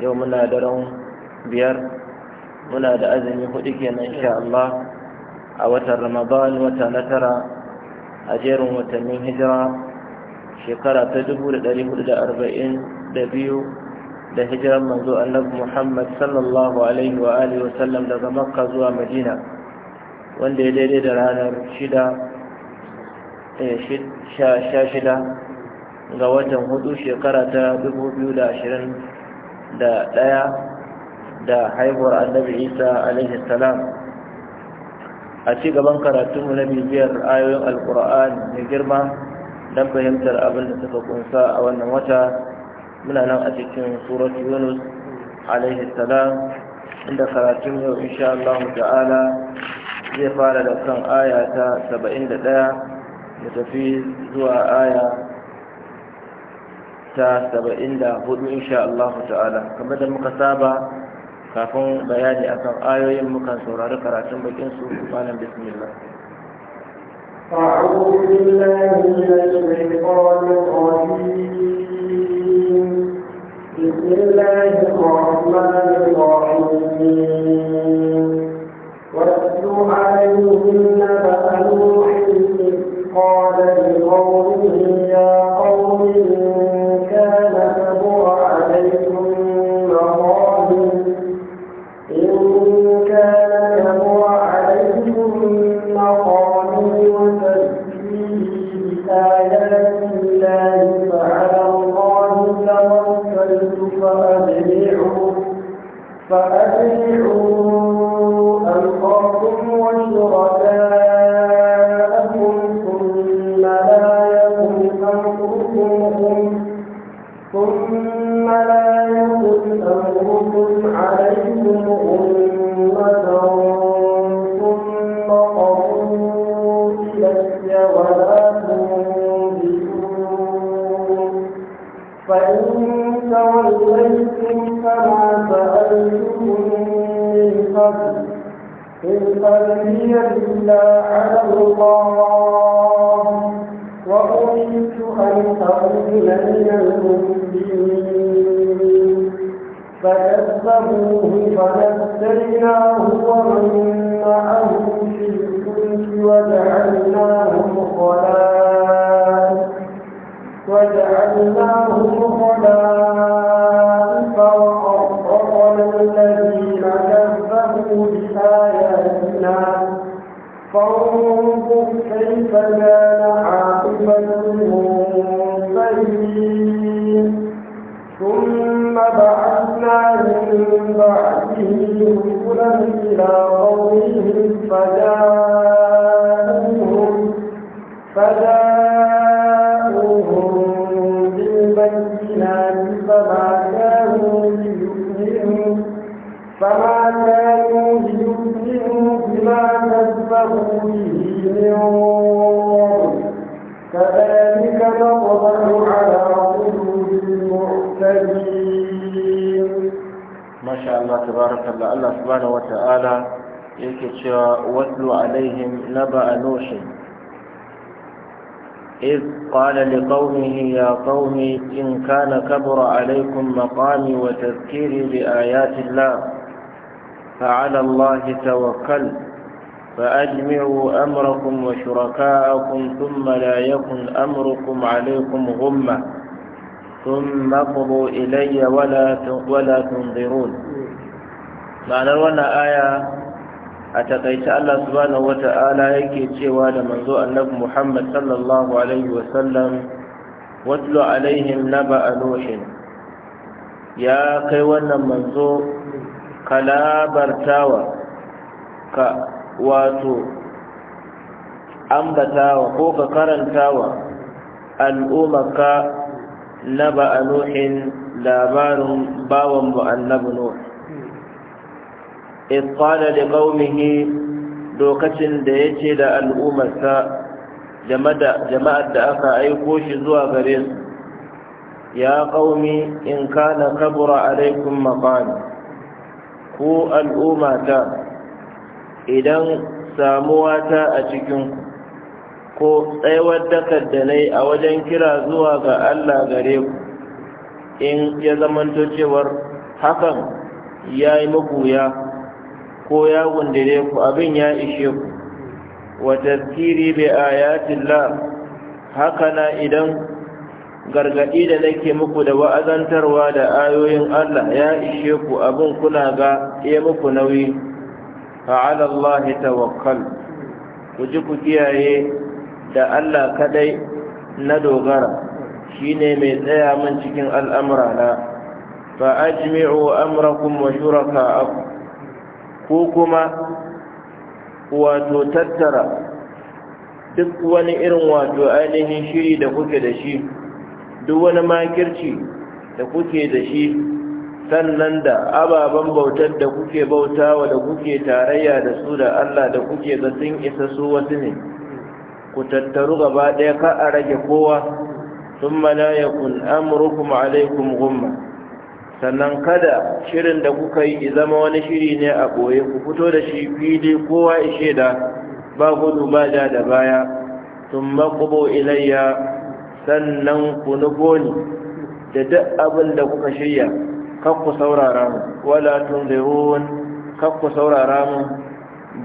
yau muna da ran biyar muna da azumi hudu kenan insha Allah a watan Ramadan wata na tara a jerin watannin hijira shekara ta dubu da dari hudu da arba'in da biyu da hijiran manzo annabi Muhammad sallallahu alaihi wa alihi wa sallam daga Makka zuwa Madina wanda ya daidai da ranar shida eh, sha shida ga watan hudu shekara ta dubu biyu da ashirin da ɗaya da haihuwar annabi isa alaihi salam a ci gaban karatunmu na bibiyar ayoyin alkur'an mai girma don fahimtar abin da suka kunsa a wannan wata muna nan a cikin surat yunus alaihi salam inda karatun yau insha Allah ta'ala zai fara da kan aya ta 71 da tafi zuwa aya ta saba'in da hudu insha Allah ta'ala kamar da muka saba kafin bayani akan ayoyin muka saurari karatun bakin su malam bismillah بسم الله الرحمن الرحيم عليهم نبأ نوح قال فانظر كيف كان عاقبة المنذرين ثم بعثنا من بعده رسلا إلى قومهم فجاءوهم فجاءوهم بالبينات فما كانوا ليؤمنوا فما كانوا على ما شاء الله تبارك الله الله سبحانه وتعالى yake cewa watlu alaihim naba'a إذ قال لقومه يا قوم إن كان كبر عليكم مقامي وتذكيري بآيات الله فعلى الله توكلت فأجمعوا أمركم وشركاءكم ثم لا يكن أمركم عليكم غمة ثم اقضوا إلي ولا ولا تنظرون معنى وانا آية أتقيت الله سبحانه وتعالى يكي تشيوى لمنذ النبي محمد صلى الله عليه وسلم واتل عليهم نبأ نوح يا كي وانا منذ كلا برتاوى wato ambatawa ko ka karantawa al'ummaka na ba'a labarin bawan mu'annabu nuh isqala da qaumihi lokacin da yace da al'ummarsa jama'ar da aka aiko shi zuwa gare su ya ƙaumi in kana kabura alaikum maqami ko al'ummata idan samuwa ta a cikin ko tsayawar dakar da nai a wajen kira zuwa ga Allah gare ku in ya zamanto cewar hakan ya yi ko ya gundire ku abin ya ishe ku wa tafkiri bi Haka hakana idan gargaɗi da nake muku da wa'azantarwa da ayoyin Allah ya ishe ku abin kuna ga ya muku nauyi فعلى الله توكل ku كياي da Allah kadai na dogara shine mai tsaya min cikin al'amura na fa ajmi'u amrakum wa shuraka'akum ko kuma wato tattara duk wani irin wato ainihin shiri da kuke da shi duk wani makirci da kuke da shi sannan da ababen bautar da kuke bautawa da kuke tarayya da su da Allah da kuke ga sun isa su wasu ne ku tattaru gaba ɗaya ka a rage kowa sun mana ya kun amrukum alaikum gumma sannan kada shirin da kuka yi zama wani shiri ne a ɓoye ku fito da shi fili kowa ishe da ba gudu ba da da baya sun makubo ilayya sannan ku nufo ni da duk abin da kuka shirya kakku saurara mu wala tunzirun kakku saurara mu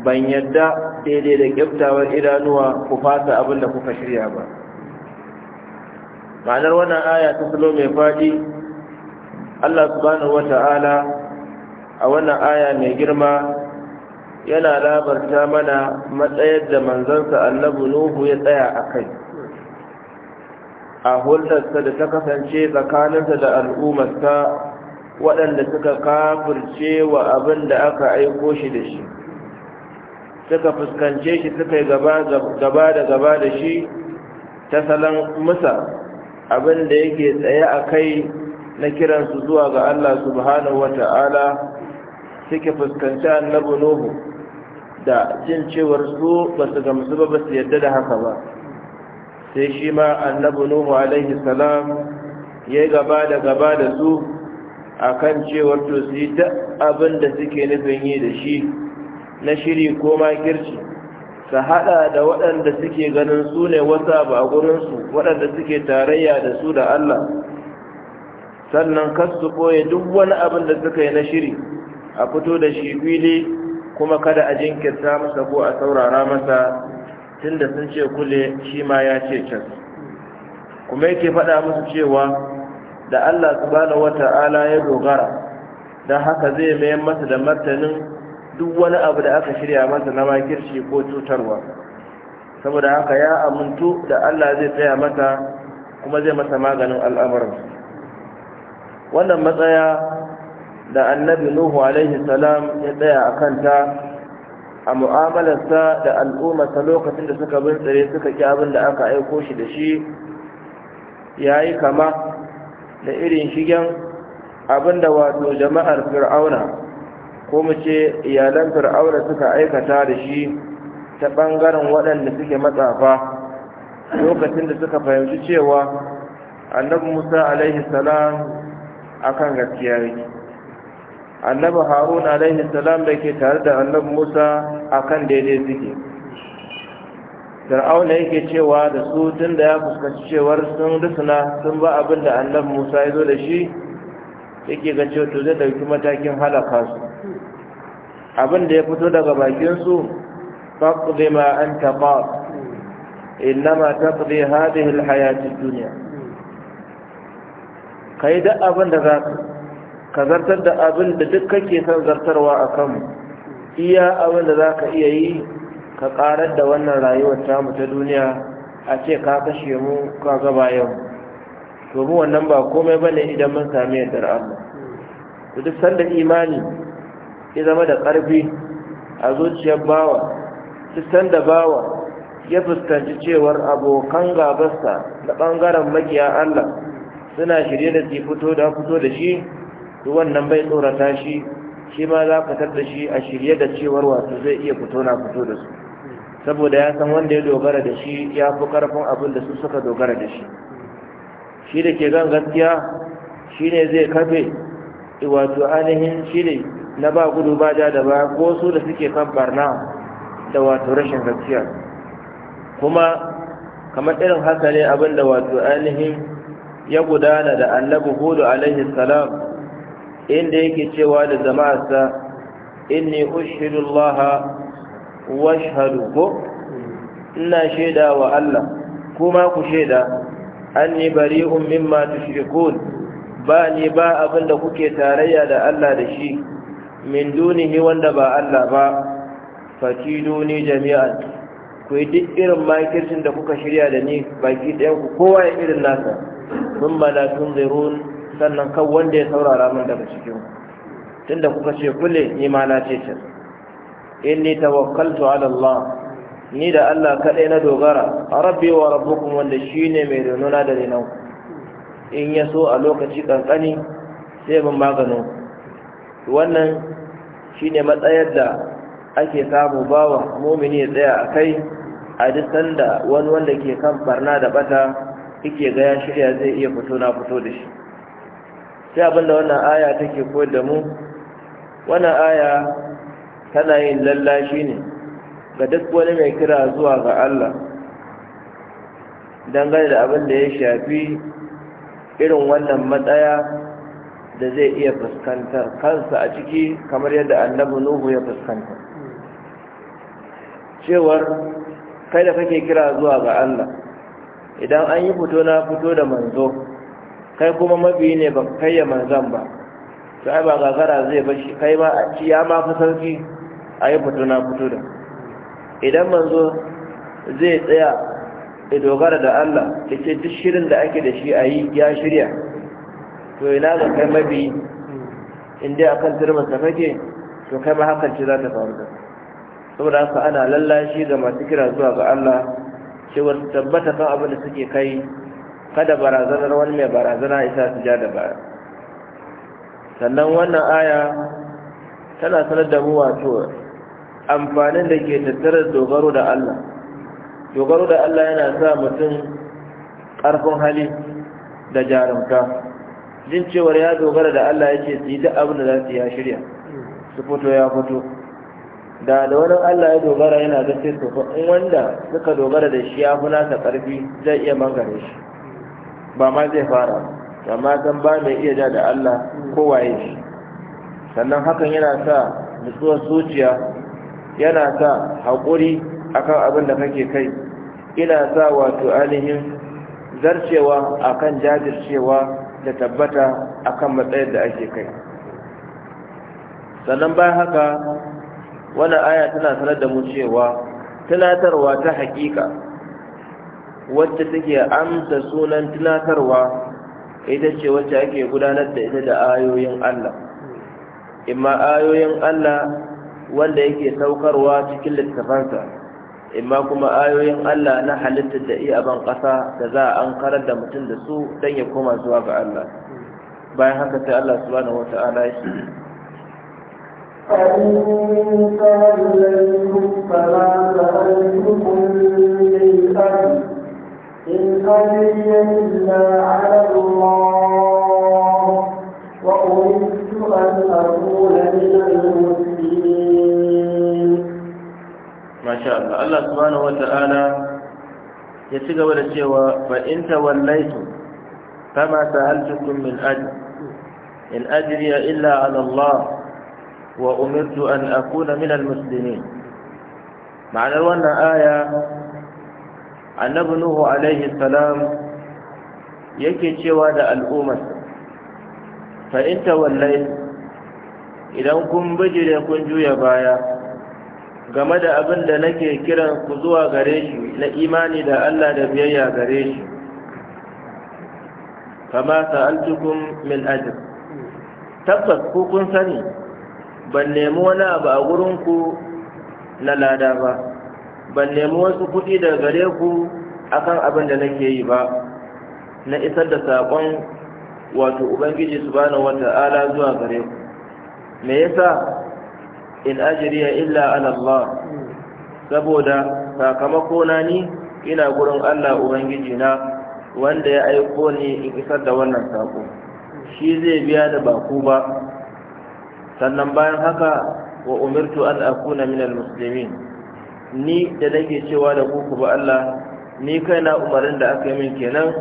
ban yadda daidai da kyaftawar idanuwa ku fasa abin da kuka shirya ba ma'anar wannan aya ta salo mai faɗi Allah subhanahu wata'ala a wannan aya mai girma yana labarta mana matsayar da manzansa annabu nuhu ya tsaya a kai a hulɗarsa da ta kasance tsakaninsa da al'ummarsa waɗanda suka kafirce wa abin da aka aiko shi da shi suka fuskance shi suka yi gaba da gaba da shi ta salon musa abin da yake tsaye a kai na kiransu zuwa ga Allah subhanahu wa ta'ala suke fuskanci annabi Nuhu da cin cewar su ba su gamsu ba su yadda da haka ba sai shi ma annabi Nuhu alaihi salam ya gaba da gaba da su akan cewar to su da abinda abin suke nufin yi da shi na shiri ko makirci su haɗa da waɗanda suke ganin su ne wasa ba a gurinsu waɗanda suke tarayya da su da Allah sannan kasu su duk wani abin da suka yi na shiri a fito da shi fili kuma kada a jinkirta masa ko a saurara masa tunda sun ce kule shi ma ya ce can kuma yake faɗa musu cewa da Allah subhanahu wata'ala ya dogara don haka zai mayan masa da martanin duk wani abu da aka shirya masa na makirci ko cutarwa saboda haka ya amintu da Allah zai tsaya mata kuma zai masa maganin al'amuran wannan matsaya da annabi nuhu alaihi salam ya tsaya a kanta a mu'amalarsa da al'ummarsa lokacin da suka bintsire suka ki abin da aka aiko shi da shi ya yi kama da irin shigen abinda wato jama'ar fir'auna ko mu ce iyalan fir'auna suka aikata da shi ta ɓangaren waɗanda suke matsafa lokacin da suka fahimci cewa annabi musa alaihi salam akan gaskiya yake annabi harun alaihi salam da ke tare da annabi musa akan daidai suke fir'auna yake cewa da su tun da ya fuskanci cewar sun rusuna sun ba abin da annabi musa ya zo da shi yake ga cewa to zai dauki matakin halaka su abin da ya fito daga bakinsu faƙi ma an taɓa ma taqdi hadhihi alhayati ad-dunya kai da abin da za ka zartar da abin da duk kake son zartarwa akan iya abin da za ka iya yi ka karar da wannan rayuwar tamu ta duniya a ce ka kashe mu ka gaba yau to mu wannan ba komai bane idan mun sami yardar Allah to duk sanda imani ya zama da ƙarfi a zuciyar bawa duk sanda bawa ya fuskanci cewar abokan gabarsa da ɓangaren makiya Allah suna shirye da su fito da fito da shi to wannan bai tsorata shi shi ma za ka tarda shi a shirye da cewar wasu zai iya fito na fito da su saboda ya san wanda ya dogara da shi ya fi karfin abin da su suka dogara da shi shi da ke gan gaskiya shi ne zai kafe wato ainihin shi ne na ba gudu ba ja da ba ko su da suke kan barna da wato rashin gaskiya kuma kamar irin haka ne abin da wato ainihin ya gudana da annabi hudu alaihi salam inda yake cewa da jama'arsa inni ushidullaha washhadu ko ina shaida wa Allah kuma ku shaida anni bari'un mimma tushrikun ba ni ba abinda da kuke tarayya da Allah da shi min dunihi wanda ba Allah ba fakiduni jami'an ku yi duk irin makircin da kuka shirya da ni baki ɗayan ku kowa ya irin nasa Mun mala tun zirun sannan kan wanda ya saurara min daga cikin tunda kuka ce kule ni ma na ce can inni tawakkaltu ala Allah ni da Allah kaɗai na dogara rabbi wa rabbukum wanda shine mai renona da renon in ya so a lokaci kankani sai mun magano wannan shine matsayar da ake samu bawa mumini ya tsaya a kai a duk sanda wani wanda ke kan barna da bata yake ga ya shirya zai iya fito na fito da shi sai abinda wannan aya take koyar da mu wannan aya tana yin lallashi ne ga duk wani mai kira zuwa ga Allah dangane da abin da ya shafi irin wannan matsaya da zai iya fuskantar kansa a ciki kamar yadda annabu nuhu ya fuskanta cewar kai da kake kira zuwa ga Allah idan an yi fito na fito da manzo kai kuma mafi ne ba kai ya manzan ba sai ba gagara zai bashi kai ma a ciya ma fa a yi fito na fito da idan manzo zai tsaya ya dogara da Allah ya ce duk shirin da ake da shi a ya shirya to ina ga kai mabi inda a kan turman sa to kai ma hakan ce za ta faru da saboda haka ana lallashi ga masu kira zuwa ga Allah cewar tabbata kan abin da suke kai kada barazanar wani mai barazana isa su ja da baya sannan wannan aya tana sanar da mu wato amfanin da ke tattara dogaro da Allah dogaro da Allah yana sa mutum ƙarfin hali da jarumta jin cewar ya dogara da Allah ya ce su yi duk abin da za su ya shirya su fito ya fito da da wani Allah ya dogara yana da sai su in wanda suka dogara da shi ya fi nasa ƙarfi zai iya mangare shi ba ma zai fara amma san ba mai iya ja da Allah ko waye shi sannan hakan yana sa nutsuwar zuciya yana sa haƙuri akan abin da kake kai ina sa wato ainihin zarcewa akan jajircewa da tabbata akan matsayin da ake kai sannan bayan haka wani aya tana sanar da mu cewa tunatarwa ta haƙiƙa wacce take amsa sunan tunatarwa ita ce wacce ake gudanar da ita da ayoyin Allah imma ayoyin Allah wanda yake saukarwa cikin littafansa imma kuma ayoyin Allah na halittar da iya ban ƙasa da za a karar da mutum da su don ya koma zuwa ga Allah bayan haka sai Allah subhanahu wa ta'ala ya shi إن أجري إلا على الله وأردت أن أكون من المسلمين ما شاء الله الله سبحانه وتعالى يتقوى للشيوى فإن توليتم فما سألتكم من أجل إن أجري إلا على الله وأمرت أن أكون من المسلمين معنى أن آية عن نبنه عليه السلام yake cewa da al'ummarsa fa in wallai idan kun bijire kun juya baya game da abin da nake kiran ku zuwa gare shi na imani da Allah da biyayya gare shi fama sa'altukum min ajr tabbas ku kun sani ban nemi wani abu a gurin ku na lada ba ban nemi wasu kuɗi daga gare ku akan abin da nake yi ba na isar da saƙon wato ubangiji subhanahu wata'ala zuwa gare ku me yasa in ajriya illa ala Allah saboda sakamako na ni ina gurin Allah ubangiji na wanda ya aiko ni in isar da wannan sako shi zai biya da baku ba sannan bayan haka wa umirtu an akuna min almuslimin ni da nake cewa da ku ku ba Allah ni kaina umarin da aka yi min kenan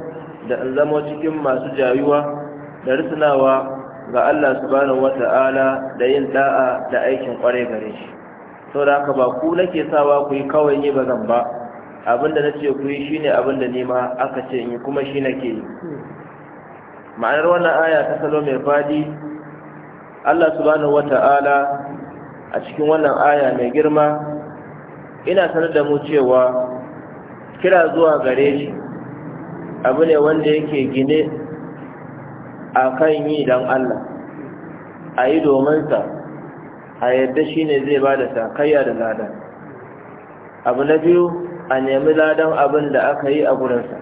da in zama cikin masu jayuwa da rusunawa ga Allah subhanahu wata'ala da yin da'a da aikin kware gare shi sau da haka ba ku nake sawa ku yi kawai yi ba zan ba abinda na ce ku yi shi ne abinda nema aka ce yi kuma shi nake yi ma'anar wannan aya ta salo mai fadi Allah subhanahu wata'ala a cikin wannan aya mai girma ina sanar da mu cewa kira zuwa gare shi abu ne wanda yake gine a kan yi don Allah a yi dominsa a yadda shi ne zai ba da sakayya da lada abu na biyu a nemi ladan abin da aka yi a gurinsa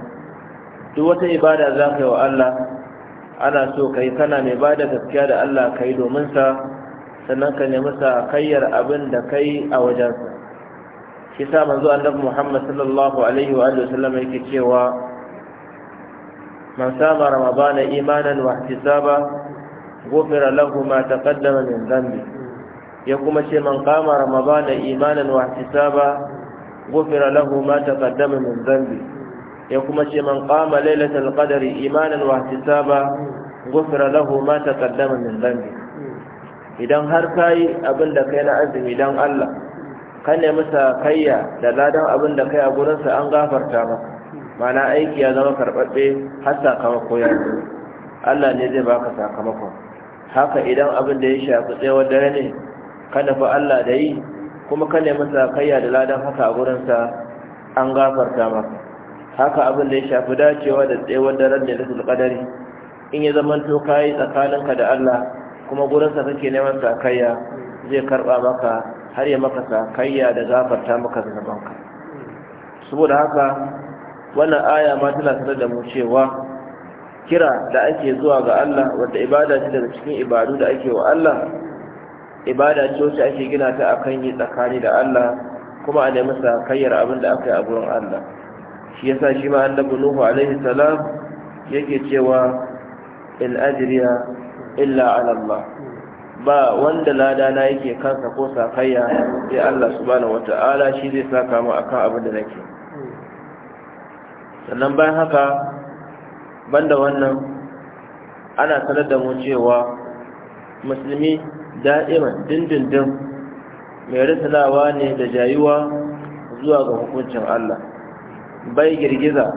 duk wata ibada za ka yi wa Allah ana so ka yi kana mai ba da gaskiya da Allah ka yi dominsa sannan ka nemi sakayyar abin da ka yi a wajensa shi sa manzo annabi Muhammad sallallahu alaihi wa sallam yake cewa من سام رمضان إيمانا واحتسابا غفر له ما تقدم من ذنبه يقوم شيء من قام رمضان إيمانا واحتسابا غفر له ما تقدم من ذنبه يقوم شيء من قام ليلة القدر إيمانا واحتسابا غفر له ما تقدم من ذنبه idan har kai abin da kai na azumi dan Allah kan ne masa kayya da ladan abin da kai a gurinsa an gafarta maka mana aiki ya zama karɓaɓɓe har sakamako ya zo Allah ne zai baka sakamakon haka idan abin da ya shafi tsayawar dare ne ka fa Allah da yi kuma ka nemi sakayya da ladan haka a gurinsa an gafarta maka haka abin da ya shafi dacewa da tsayawar dare ne da sulƙadari in ya zama to ka yi tsakaninka da Allah kuma gurinsa kake neman sakayya zai karɓa maka har ya maka sakayya da gafarta maka zamanka. saboda haka wannan aya ma tana sanar da mu cewa kira da ake zuwa ga Allah wata ibada ce daga cikin ibadu da ake wa Allah ibada ce wacce ake gina ta akan yi tsakani da Allah kuma a nemi sakayyar abin da aka yi a gurin Allah shi yasa shi ma annabi Nuhu alaihi salam yake cewa in ajriya illa ala Allah ba wanda lada na yake kansa ko sakayya sai Allah subhanahu wata'ala shi zai saka mu akan abin da nake sannan bayan haka banda wannan ana sanar da mu cewa musulmi da'iman dindindin mai risalawa ne da jayuwa zuwa ga hukuncin Allah bai girgiza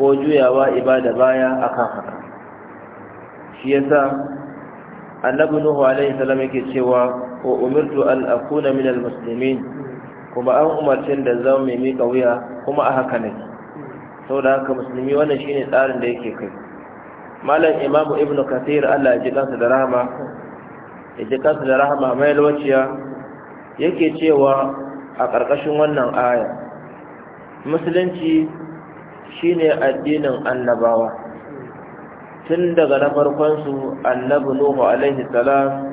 ko juyawa ibada baya akan haka shi yasa annabi nuhu alaihi salam yake cewa wa umirtu an akuna minal muslimin kuma an umarcin da zama mai miƙa wuya kuma a haka nake saboda haka musulmi wannan shine tsarin da yake kai malam imamu ibnu kathir Allah ya ji kansa da rahama ya ji kansa da rahama mai yake cewa a ƙarƙashin wannan aya musulunci shine addinin annabawa tun daga na farkonsu annabi nuhu alaihi salam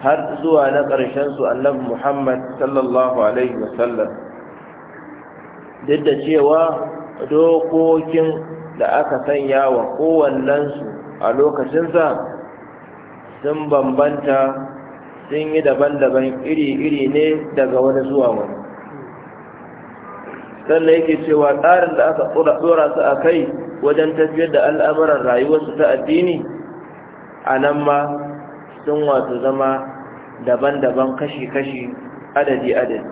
har zuwa na su annabi muhammad sallallahu alaihi wasallam duk da cewa dokokin da aka sanya wa kowannensu a lokacinsa sun bambanta sun yi daban-daban iri-iri ne daga wani zuwa wani sannan yake cewa tsarin da aka tsora su a kai wajen tafiyar da al'amuran rayuwarsu ta addini a nan ma sun wato zama daban-daban kashi-kashi adadi-adadi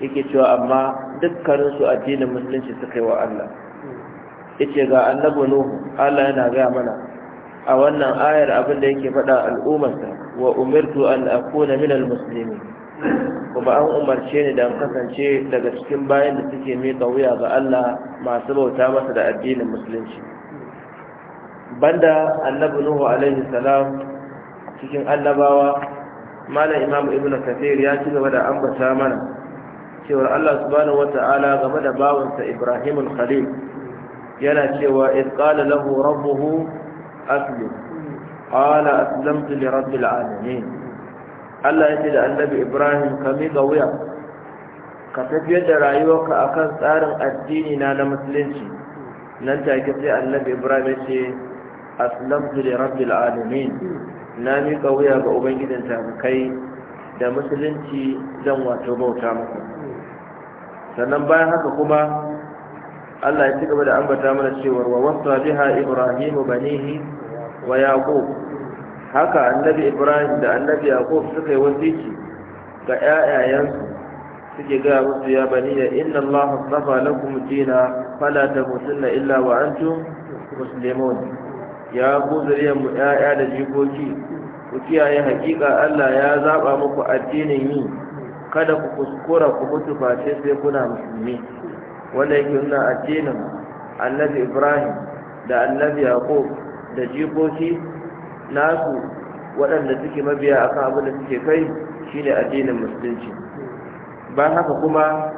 yake cewa amma dukkanin su addinin musulunci suka yi wa Allah yace ga annabi nuhu Allah yana ga mana a wannan ayar abin da yake faɗa al'ummarsa wa umirtu an akuna minal muslimin kuma an umarce ni da kasance daga cikin bayan da suke mai wuya ga Allah masu bauta masa da addinin musulunci banda annabi nuhu alaihi salam cikin annabawa malam imamu ibnu kathir ya ci gaba da ambata mana cewar Allah subhanahu wata'ala game da bawansa Ibrahim al-Khalil yana cewa id qala lahu rabbuhu aslim qala aslamtu li rabbil alamin Allah ya ce da Annabi Ibrahim ka miƙa wuya ka tafiyar da rayuwarka akan tsarin addini na na musulunci nan ta ke sai Annabi Ibrahim ya ce aslamtu li rabbil alamin na miƙa wuya ga ubangijin ta kai da musulunci zan wato bauta muku sannan bayan haka kuma Allah ya ci gaba da ambata mana cewa wa wasa biha ibrahimu banihi wa yaqub haka annabi ibrahim da annabi yaqub suka yi wasiki ga ƴaƴayensu suke ga musu ya bani ya inna Allah safa lakum dina fala tamutunna illa wa antum muslimun ya ku zuriyar mu ƴaƴa da jikoki ku kiyaye hakika Allah ya zaba muku addinin yi kada ku kuskura ku mutu face sai kuna musulmi wanda yake nuna addinin annabi Ibrahim da annabi Yaqub da jikoki nasu waɗanda suke mabiya akan abin da suke kai shine addinin musulunci Ba haka kuma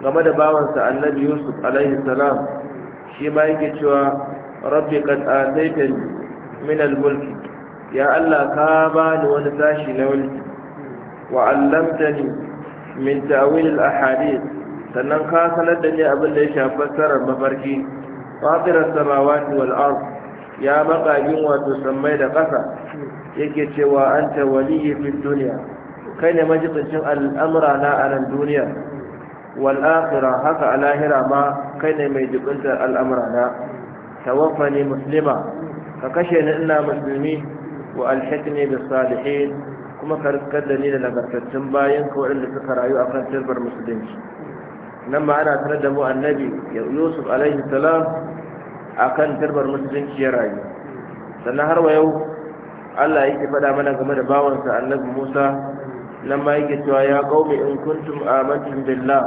game da bawansa annabi Yusuf alaihi salam shi ma yake cewa rabbi qad ataytani min al mulk ya Allah ka ba ni wani tashi na wani wa ne. min ta'wil al sannan ka sanar da ni abin da ya shafi fassarar mafarki fatirar samawati ne ard ya makabin wato samai da ƙasa yake cewa anta waliyyi fi duniya. kai ne majibincin al'amura na a nan duniya wal haka a lahira ma kai ne mai jibintar al'amura na tawaffani ka kashe ni ina musulmi wa ne bi salihin kuma karkar da ni da nagartaccen bayan ka suka rayu a kan turbar musulunci nan ma ana tare da mu annabi yusuf alaihi akan a musulunci ya rayu sannan har wa yau Allah yake faɗa mana game da bawansa annabi Musa na ma yake ya kaumi in kuntum amantu billah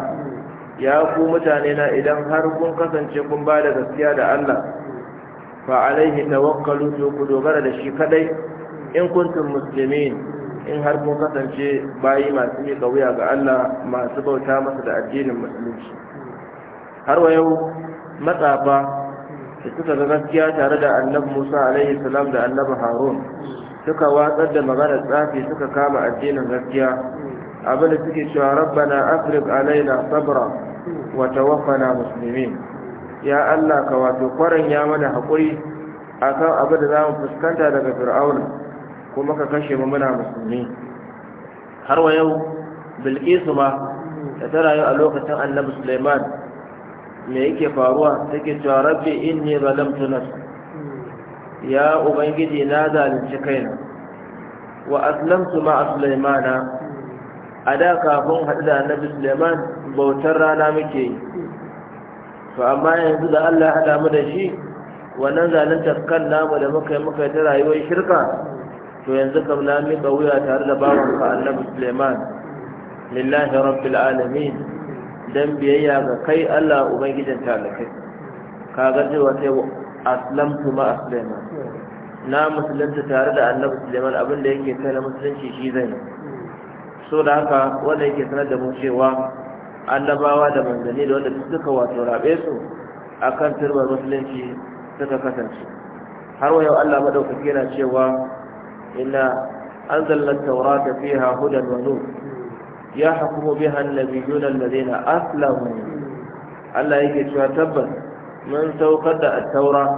ya ku mutane na idan har kun kasance kun ba da gaskiya da Allah fa alaihi tawakkalu to ku dogara da shi kadai in kuntum muslimin in har kun kasance bayi masu miƙa wuya ga Allah masu bauta masa da addinin musulunci har wa matsafa da suka ga gaskiya tare da annabi Musa alaihi salam da annabi Harun suka watsar da maganar tsafi suka kama addinin gaskiya abinda suke cewa rabbana afrik alaina sabra wa tawaffana muslimin ya Allah ka wato kwaran ya mana haƙuri kan abin da za mu fuskanta daga fir'aun kuma ka kashe mu muna musulmi har wa yau bilkisu ma ta ta yau a lokacin annabi suleiman me yake faruwa take cewa rabbi inni zalamtu nafsi ya ubangiji na zalunci kaina wa aslamtu ma sulaimana a da kafin haɗu da annabi suleiman bautar rana muke yi to amma yanzu da Allah ya hada mu da shi wannan zalunta kan namu da muka yi muka ta rayuwar shirka to yanzu kam na miƙa wuya tare da bawan ka annabi Suleiman lillahi rabbil alamin dan biyayya ga kai Allah ubangijin talakai kaga cewa sai aslamtu ma Suleiman na musulunta tare da annabi Suleiman abinda yake kai na musulunci shi zai so da haka wanda yake sanar da mu cewa annabawa da manzanni da wanda suka wato rabe su akan turbar musulunci suka kasance har wa Allah madaukaki yana cewa inna anzalna at-taurata fiha hudan wa nur yahkumu biha an-nabiyyuna alladhina aslamu Allah yake cewa tabbas mun saukar da at-taura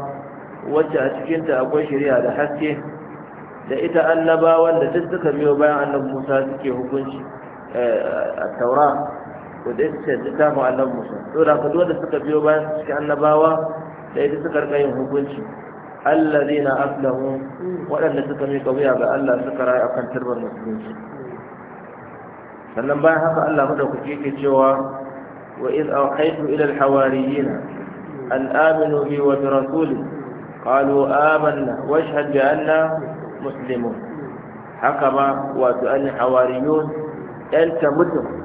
wacce a cikin ta akwai shari'a da haske da ita annabawan wanda duk suka biyo bayan annabi Musa suke hukunci eh, a taura ko da ita ce littafin annan musa to da ka da suka biyo bayan su cikin annabawa da ita suka rika yin hukunci allazina aflahu waɗanda suka mika wuya ga Allah suka rayu kan turbar musulunci sannan bayan haka Allah madaukaki yake cewa wa iz awhaytu ila al-hawariyin an aminu bi wa bi rasuli qalu amanna washhad bi anna muslimun haka ba wato an hawariyun ɗan ta mutum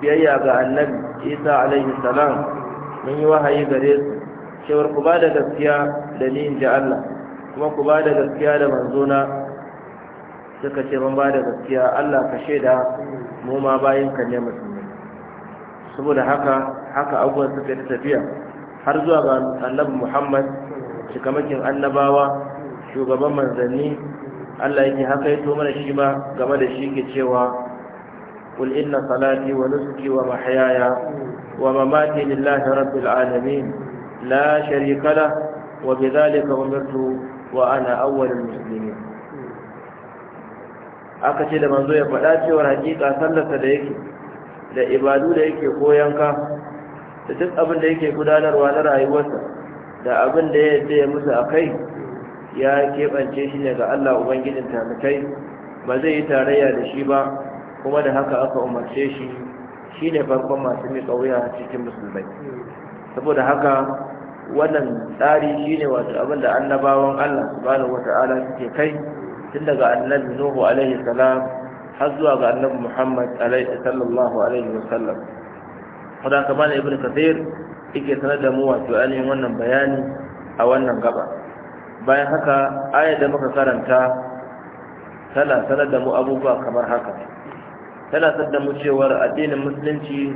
biyayya ga annabi isa alaihi salam mun yi wahayi gare su cewar ku ba da gaskiya da ni in ji allah kuma ku ba da gaskiya da manzona suka ce mun ba da gaskiya allah ka shaida mu ma bayan ka ne musulmi saboda haka haka abubuwan suka yi tafiya har zuwa ga annabi muhammad cikamakin annabawa shugaban manzanni allah yake haka to mana shi ma game da shi ke cewa قل إن صلاتي ونسكي ومحياي ومماتي لله رب العالمين لا شريك له وبذلك أمرت وأنا أول المسلمين aka ce da manzo ya faɗa cewar hakika sallarsa da yake da ibadu da yake koyanka da duk abin da yake gudanarwa na rayuwarsa da abin da ya yadda ya musu a kai ya keɓance shi ne ga Allah Ubangijin talikai ba zai yi tarayya da shi ba kuma da haka aka umarce shi shi ne farkon masu miƙa wuya cikin musulmai saboda haka wannan tsari shi ne wato abin da annabawan Allah subhanahu wata'ala suke kai tun daga annabi Nuhu alaihi salam har zuwa ga annabi Muhammad sallallahu alaihi wasallam kuma kamar ibnu kathir yake sanar da mu wato ainihin wannan bayani a wannan gaba bayan haka ayar da muka karanta tana sanar da mu abubuwa kamar haka tana sadda mu cewar addinin musulunci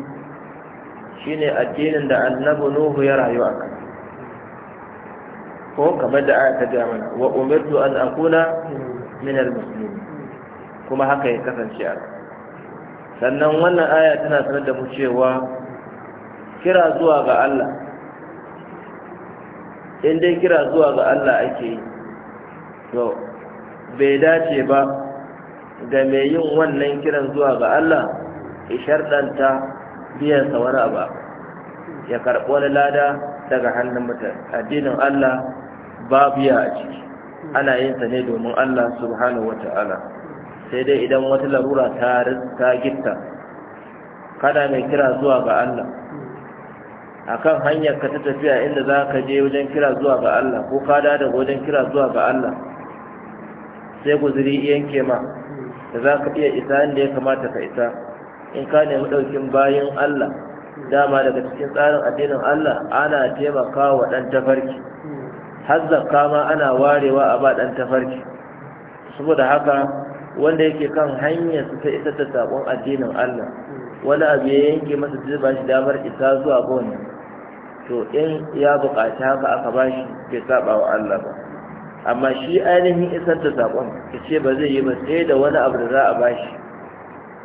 shine addinin da annabi nuhu ya rayu a kan ko kamar da aya ta ga mana wa umirtu an akuna min almuslimin kuma haka ya kasance a sannan wannan aya tana sanar da mu cewa kira zuwa ga Allah in dai kira zuwa ga Allah ake yi to bai dace ba ga mai yin wannan kiran zuwa ga Allah ta biyan sawara ba. ya karɓi wani lada daga hannun mutum. addinin Allah babu ya a ciki ana yin sa ne domin Allah subhanahu wata'ala sai dai idan wata larura ta ta gitta kada mai kira zuwa ga Allah akan hanyar ka ta tafiya inda za ka je wajen kira zuwa ga Allah ko ka da wajen kira zuwa ga Allah sai guzuri yanke ma da za ka iya isa inda ya kamata ka isa in ka nemi ɗaukin bayan Allah dama daga cikin tsarin addinin Allah ana taimaka wa ɗan tafarki hazzaka ma ana warewa a ba ɗan tafarki saboda haka wanda yake kan hanyar su ta isa ta saƙon addinin Allah wani abu ya yanke masa zuba shi damar isa zuwa gona to in ya buƙaci haka aka ba shi bai saɓa wa Allah ba amma shi ainihin isar da saƙon ta ce ba zai yi ba sai da wani abu da za a bashi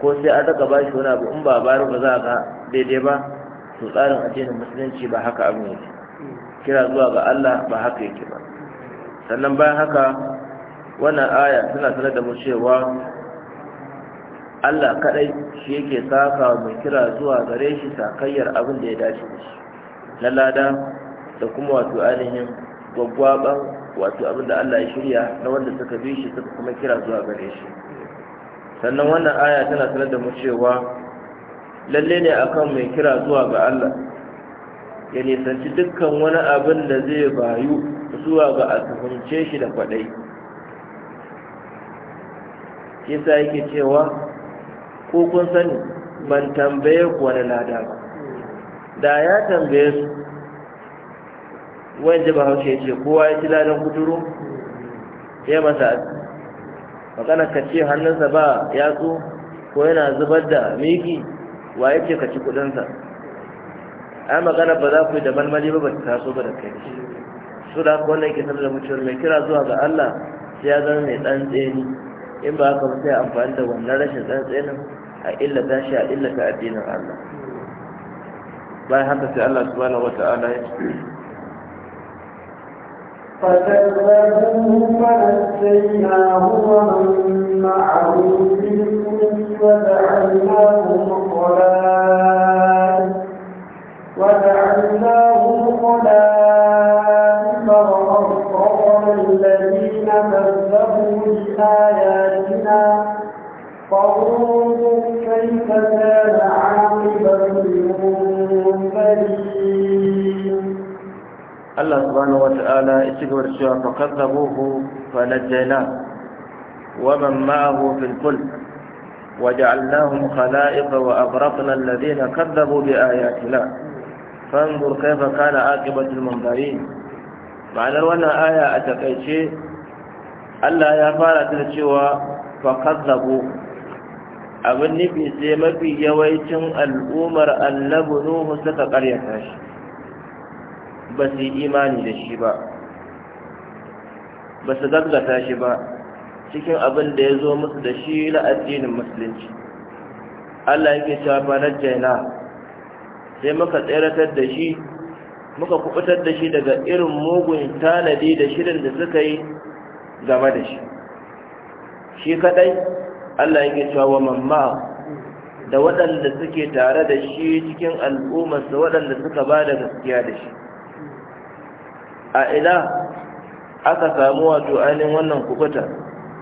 ko sai an daga bashi wani abu in ba bari ba za ga daidai ba to tsarin addinin musulunci ba haka abin ne kira zuwa ga Allah ba haka yake ba sannan bayan haka wannan aya suna sanar da mu cewa Allah kaɗai shi yake saka mai kira zuwa gare shi sakayyar abin da ya dace da shi na lada da kuma wato ainihin gwaggwaban wato abin da Allah ya shirya na wanda suka bi shi suka kuma kira zuwa gare shi sannan wannan aya tana sanar da mu cewa lalle ne akan mai kira zuwa ga Allah ya nisanci dukkan wani abin da zai bayu zuwa ga a shi da kwadai shi sa yake cewa ko kun sani ban tambaye ku wani lada ba da ya tambaye su wanda ba haushe ya ce kowa ya ci ladan kuturu ya masa magana ka ce hannunsa ba yatsu ko yana zubar da miki wa ya ce ka ci kudinsa A magana ba za ku yi da malmali ba ba ta taso ba da kai su da aka wannan kisar da mutuwar mai kira zuwa ga Allah sai ya zama mai ɗan tseni in ba haka ba sai amfani da wannan rashin ɗan tsenin a ta shi a ta addinin Allah bayan haka sai Allah subhanahu wata'ala ya ce فكذبوه فنجيناه ومن معه في الفلك وجعلناهم خلائف وجعلناهم خلائف وأغرقنا الذين كذبوا بآياتنا فانظر كيف كان عاقبة المنذرين Allah subhanahu wa ta'ala ya ci gaba da cewa fa kazzabuhu fa najjayna wa man ma'ahu fil fulk wa ja'alnahum khala'iqa wa aghraqna alladhina kazzabu bi ayatina fanzur kayfa kana aqibatu al-munzirin ma'anar wannan aya a takaice Allah ya fara ta cewa fa kazzabuhu abin nufi sai mafi yawancin al'ummar annabi Nuhu suka karyata shi ba su yi imani da shi ba ba su gaggata shi ba cikin abin da ya zo musu da shi na addinin musulunci Allah yake cewa na jaina sai muka tseratar da shi muka kubutar da shi daga irin mugun tanadi da shirin da suka yi game da shi shi kadai Allah yake cewa wa mamma da waɗanda suke tare da shi cikin al'ummarsa waɗanda suka ba da gaskiya da shi a ina aka samu wato ainihin wannan kubuta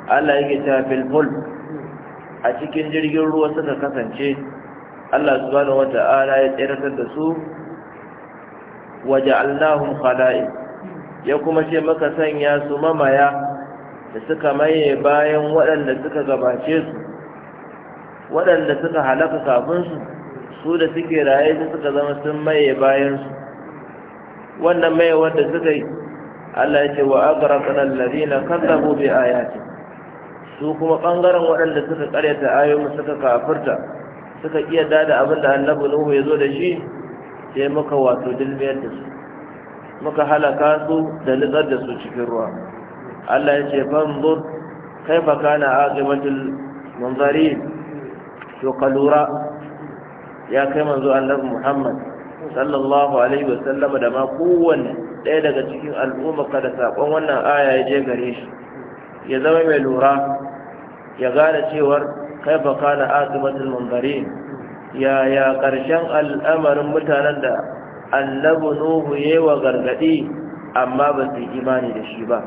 Allah yake ta filful a cikin jirgin ruwa suka kasance Allah subhanahu wata'ala ya tsiratar da su waja'alnahum khala'i ya kuma ce maka sanya su mamaya da suka maye bayan waɗanda suka gabace su waɗanda suka halaka kafin su su da suke raye su suka zama sun maye bayan su wannan mai wanda suka yi Allah ya ce wa aghraqna alladhina kazzabu bi ayati su kuma bangaren waɗanda suka karyata ayoyin suka kafirta suka iya dada abin da annabi Nuhu ya zo da shi sai muka wato dilmiyar da su muka halaka su da nutsar da su cikin ruwa Allah ya ce fanzur kaifa kana aqibatul munzarin to kalura ya kai manzo annabi Muhammad sallallahu alaihi wasallama da ma kowanne ɗaya daga cikin al'umma ka da saƙon wannan aya ya je gare shi ya zama mai lura ya gane cewar kai ba kana asibatul munzari ya ya ƙarshen al'amarin mutanen da annabu nuhu yayi wa gargadi amma ba su imani da shi ba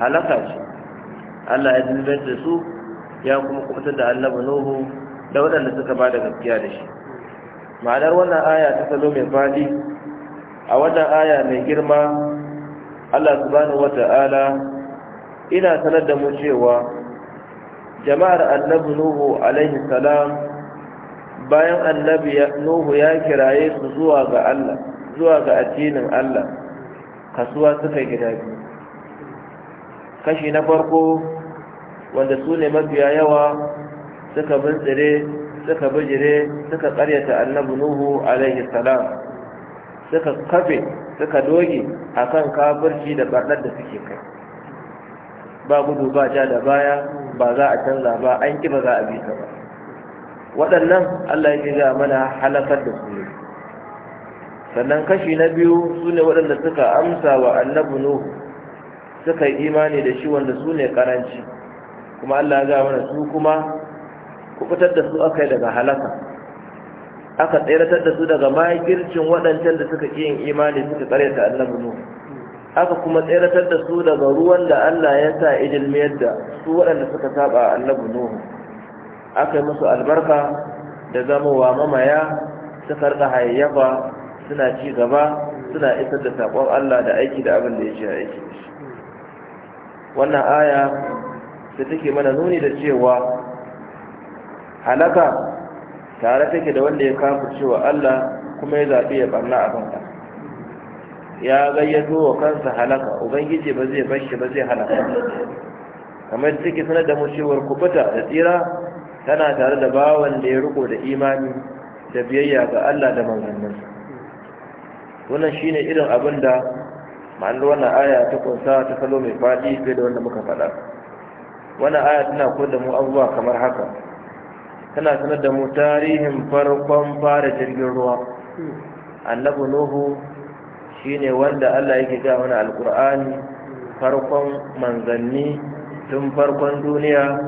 halaka ce Allah ya dubbe da su ya kuma kubutar da annabu nuhu da waɗanda suka ba da gaskiya da shi ma'anar wannan aya ta salo mai fadi a wannan aya mai girma Allah subhanahu Ta'ala, ina sanar da mu cewa jama'ar annabi nuhu alaihi salam bayan annabi nuhu ya kiraye su zuwa ga Allah zuwa ga addinin Allah kasuwa suka gida biyu kashi na farko wanda su ne mafiya yawa suka bintsire suka bijire suka karyata annabi nuhu alaihi salam suka kafe suka doge akan kafirci da barnar da suke kai ba gudu ba ja da baya ba za a canza ba an ki ba za a bi ta ba waɗannan Allah ya ga mana halakar da su sannan kashi na biyu su ne waɗanda suka amsa wa annabi nuhu suka yi imani da shi wanda su ne karanci kuma Allah ya ga mana su kuma Ku fitar da su aka daga halaka aka tseratar da su daga makircin waɗancan da suka ƙi yin imani suka ƙaryata annabi nu aka kuma tseratar da su daga ruwan da Allah ya sa idilmiyar da su waɗanda suka saba annabi nu aka yi musu albarka da zamowa mamaya suka rika hayayyafa suna ci gaba suna isar da saƙon Allah da aiki da abin da ya ce aiki wannan aya da take mana nuni da cewa halaka tare take da wanda ya kafa cewa Allah kuma ya zaɓi ya ɓanna a banka ya gayyato wa kansa halaka ubangiji ba zai bashi ba zai halaka kamar take sanar da mu kubuta da tsira tana tare da bawan da ya riko da imani da biyayya ga Allah da manzannin wannan shine irin abin da ma'anar wannan aya ta kunsa ta salo mai faɗi fiye da wanda muka faɗa wannan aya tana koda da mu abubuwa kamar haka tana sanar da mu tarihin farkon fara jirgin ruwa annabu nuhu shine wanda Allah yake ga wani alkur'ani farkon manzanni tun farkon duniya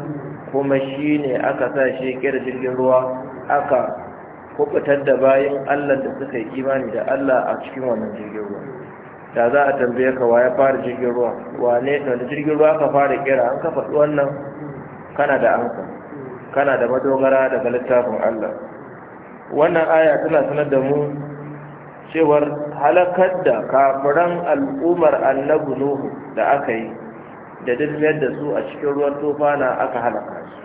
kuma shine aka sa shi kira jirgin ruwa aka kubutar da bayan Allah da suka yi imani da Allah a cikin wannan jirgin ruwa da za a tambaye ka ya fara jirgin ruwa wane da jirgin ruwa ka fara kira an ka faɗi wannan kana da ansa kana da madogara daga littafin Allah wannan aya tana sanar da mu cewar halakar da kafiran al'ummar annabi Nuhu da aka yi da dilmiyar da su a cikin ruwan tufana aka halaka su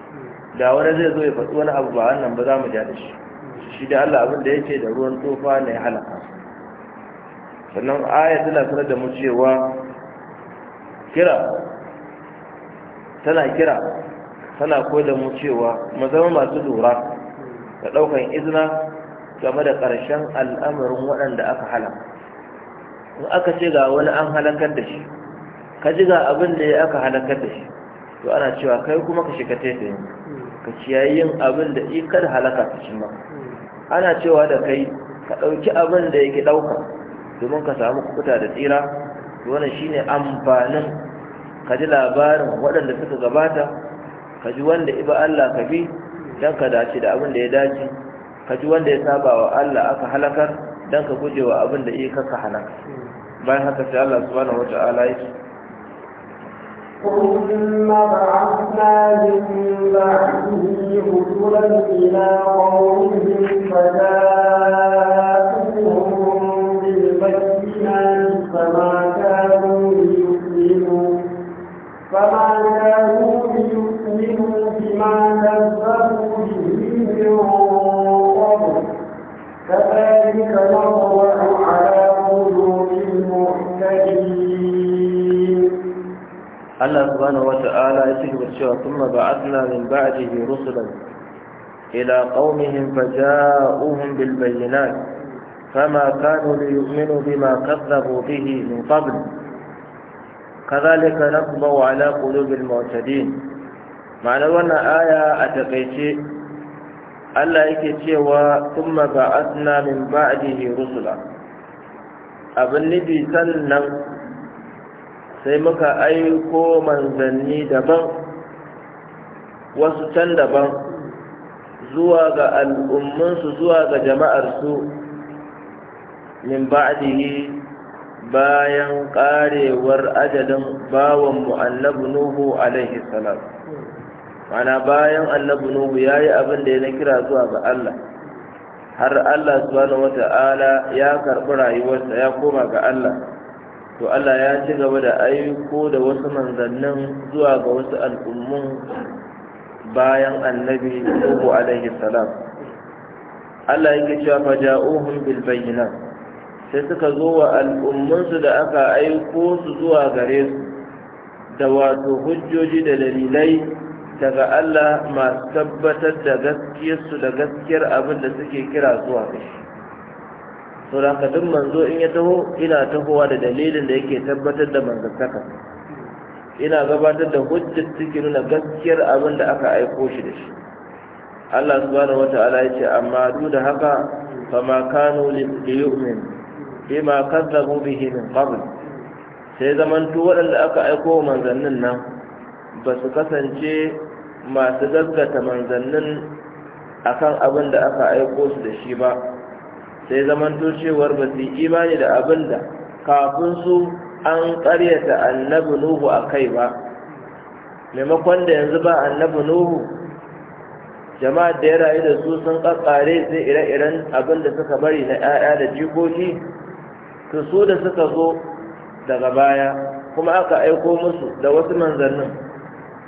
da wani zai zo ya faɗi wani abu ba wannan ba za mu ja da shi shi da Allah abin da yake da ruwan tufana ya halaka su sannan aya tana sanar da mu cewa kira tana kira tana koda mu cewa mu zama masu lura da ɗaukan izina game da ƙarshen al'amarin waɗanda aka halaka in aka ce ga wani an halakar da shi ka ji ga abin da ya aka halakar da shi to ana cewa kai kuma ka shiga taifin ka ciyayi yin abin da ikar halaka ta shi ma ana cewa da kai ka ɗauki abin da yake ɗauka domin ka samu kuta da tsira wannan shine amfanin ka ji labarin waɗanda suka gabata ka ji wanda iba Allah ka bi dan ka dace da abin da ya dace ka ji wanda ya saba wa Allah aka halakar dan ka guje wa abin da iya kaka halaka bayan haka sai Allah subhanahu wata'ala ya ce ثم بعثنا من فما كانوا ليؤمنوا كذلك نطبع على قلوب المعتدين الله سبحانه وتعالى يسجد الشيء ثم بعثنا من بعده رسلا إلى قومهم فجاءوهم بالبينات فما كانوا ليؤمنوا بما كذبوا به من قبل كذلك نقضوا على قلوب المعتدين ma'anar wannan aya a takaice Allah yake cewa kuma asna min ba'dihi rusula abin nufi sannan sai muka aiko manzanni daban wasu can daban zuwa ga su zuwa ga jama'arsu min ba'dihi bayan karewar ajalin bawan mu'annabu nuhu alaihi salatu mana bayan annabi nuhu ya yi abin da ya na kira zuwa ga allah har allah subhanahu wata'ala ya karɓi rayuwarsa ya koma ga allah to allah ya ci gaba da aiko da wasu manzannin zuwa ga wasu al'ummun bayan annabi nuhu alaihi salam allah yake cewa faja'uhum bil bayyinat sai suka zo wa al'ummunsu da aka aiko su zuwa gare su da wato hujjoji da dalilai daga Allah masu tabbatar da gaskiyarsu da gaskiyar abin da suke kira zuwa ga shi da duk manzo in ya taho ina tahowa da dalilin da yake tabbatar da manzantaka ina gabatar da hujjar suke nuna gaskiyar abin da aka aiko shi da shi Allah subhanahu wata'ala ya ce amma duk da haka ma kanu liyu'min bima kazzabu bihi min qabl sai zamantu waɗanda aka aiko manzannin nan ba su kasance masu gaggata manzannin a kan abin da aka aiko su da shi ba sai zamanto cewar ba su imani da abin da kafin su an karyata annabi nuhu a kai ba maimakon da yanzu ba annabi nuhu jama'a da ya rayu da su sun kakare sai ire-iren abin da suka bari na 'ya'ya da jikoki su da suka zo daga baya kuma aka aiko musu da wasu manzannin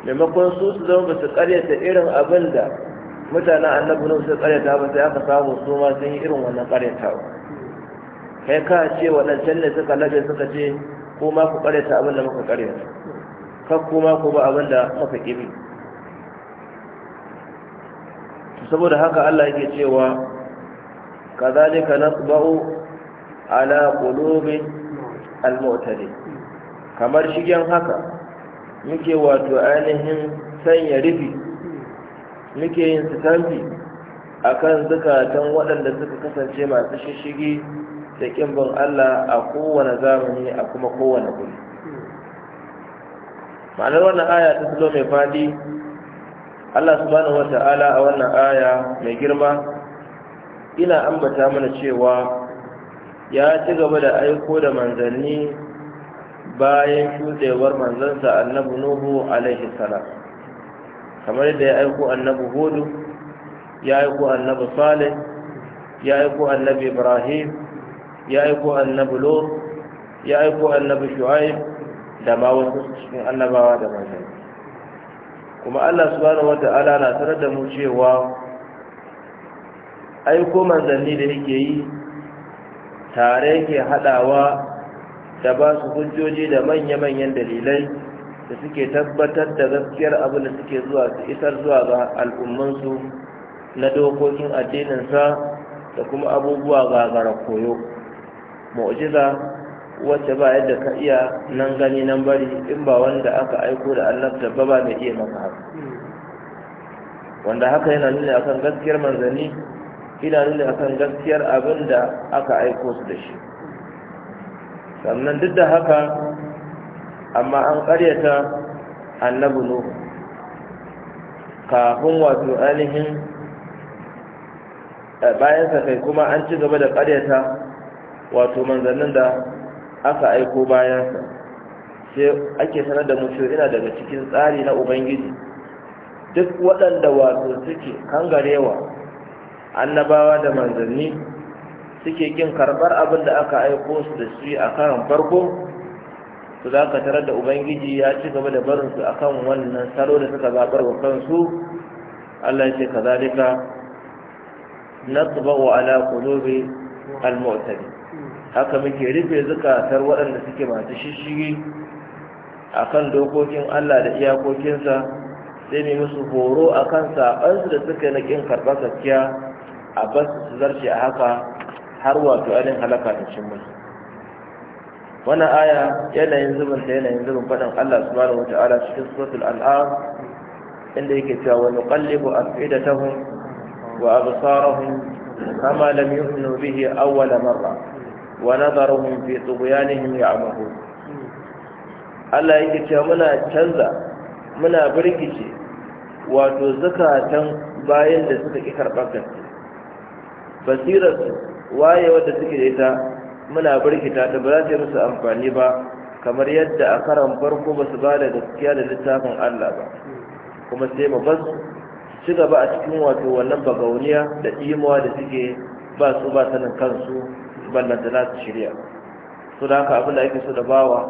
maimakon su su zama ba su karyata irin abin da mutanen annabu na su karyata ba sai aka samu su ma sun yi irin wannan karyatawa kai ka ce waɗancan ne suka labe suka ce ko ma ku karyata abin da muka karyata kan ma ku ba abin da muka kibi saboda haka Allah yake cewa kazalika nasba'u ala qulubi al-mu'tadi kamar shigen haka muke wato ainihin sanya rufi muke yin sitanti a kan zukatan waɗanda suka kasance masu shishigi da ƙimbin Allah a kowane zamani a kuma kowane guri ma'anar wannan aya ta salo mai fadi Allah subhanahu wa ta'ala a wannan aya mai girma ina ambata mana cewa ya ci gaba da aiko da manzanni bayan shuɗewar manzansa annabu nuhu alaihi salam kamar da ya aiko annabu hudu ya aiko annabu salih ya aiko annabi ibrahim ya aiko annabu lor, ya aiko annabi shu'aib da ma wasu cikin annabawa da manzanni kuma Allah subhanahu wata'ala na sanar da mu cewa aiko manzanni da yake yi tare yake haɗawa da ba su hujjoji da manya-manyan dalilai da suke tabbatar da gaskiyar abin da suke zuwa su isar zuwa ga al'ummansu na dokokin addininsa da kuma abubuwa gagara koyo mu'ujiza wacce ba yadda ka iya nan gani nan bari in ba wanda aka aiko da allah ba ba mai iya maka haka wanda haka yana nuna akan gaskiyar manzanni yana nuna akan gaskiyar abin da aka aiko su da shi sannan duk da haka amma an ƙaryata annabu nuhu kafin wato ainihin eh, bayansa kai kuma an ci gaba da ƙaryata wato manzannin da aka aiko bayansa sai ake sanar da mutu ina daga cikin tsari na ubangiji duk waɗanda wato suke kangarewa annabawa da manzanni suke kin karbar abin da aka aiko su da su a karan farko su za ka tarar da ubangiji ya ci gaba da barin a akan wannan salo da suka zaɓar wa kansu allah ya ce ka zalika na wa ala kulobe almu'tari haka muke rufe zukatar waɗanda suke masu shishigi a kan dokokin allah da iyakokinsa sai mai musu horo a kan saɓansu da suka na ƙin karɓar gaskiya a basu su zarce a haka har wato ainihin halaka ta cin musu wannan aya yanayin zubin da yanayin zubin faɗin Allah subhanahu wata'ala cikin suratul al'am inda yake cewa wa da afidatahum wa abu absarahum kama lam yu'minu bihi awwala marra wa nadharuhum fi tughyanihim ya'mahun Allah yake cewa muna canza muna birkice wato zakatan bayan da suka ki karɓar gaske basirarsu waye wadda suke da ita muna barkita ta ba za ta yi musu amfani ba kamar yadda a karan farko ba su ba da gaskiya da littafin Allah ba kuma sai mu su ci gaba a cikin wato wannan bagauniya da imuwa da suke ba su ba sanin kansu ballanta za su shirya su da haka abin da ake so da bawa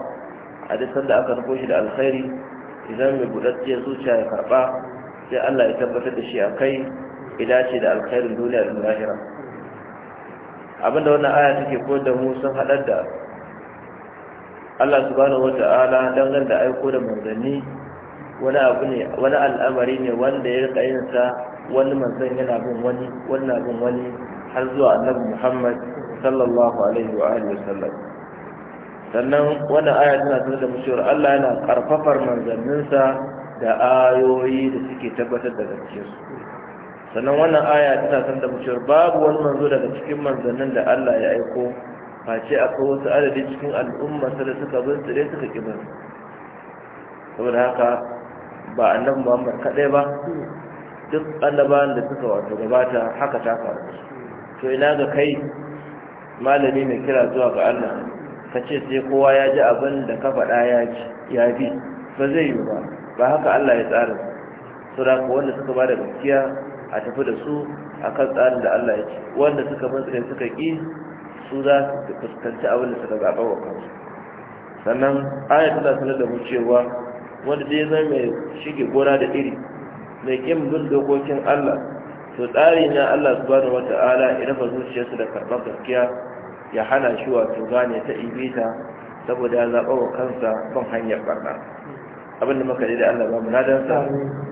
a duk sanda aka nufo shi da alkhairi idan mai buɗaɗɗiyar zuciya ya karba sai Allah ya tabbatar da shi a kai ya dace da alkhairin duniya da lahira abinda wannan aya take koyar da mu sun haɗar da Allah subhanahu don gan da aiko da manzanni wani abu ne wani al'amari ne wanda ya rika yin sa wani manzan yana bin wani wannan bin wani har zuwa annabi Muhammad sallallahu alaihi wa alihi wasallam sannan wannan aya tana sanar da mu cewa Allah yana karfafar manzanninsa da ayoyi da suke tabbatar da gaskiyarsu sannan wannan aya tana san da mutuwar babu wani manzo daga cikin manzannin da Allah ya aiko face akwai wasu adadi cikin al'umma da suka bin tsire suka ki saboda haka ba annabi Muhammad kadai ba duk annabawan da suka wato gabata haka ta faru to ina ga kai malami mai kira zuwa ga Allah ka ce sai kowa ya ji abin da ka faɗa ya bi ba zai yi ba ba haka Allah ya tsara su da wanda suka ba da gaskiya a tafi da su a kan tsarin da Allah ya ce wanda suka mantsare suka ƙi su za su fuskanci abin da suka zaɓa wa kansu sannan ayat tana sanar da mu cewa wanda zai mai shige gora da iri mai ƙin bin dokokin Allah to tsari na Allah Su wata wata'ala ya ba zuciyarsu da karɓar gaskiya ya hana shi wato gane ta ibita saboda ya zaɓa wa kansa ban hanyar barna abin da muka da Allah ba mu dansa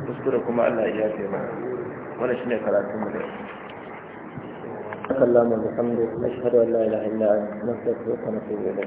kuskure kuma Allah ya yafe mana wani shi ne karatun mu da yau Allah mu bihamdu nashhadu an la ilaha illa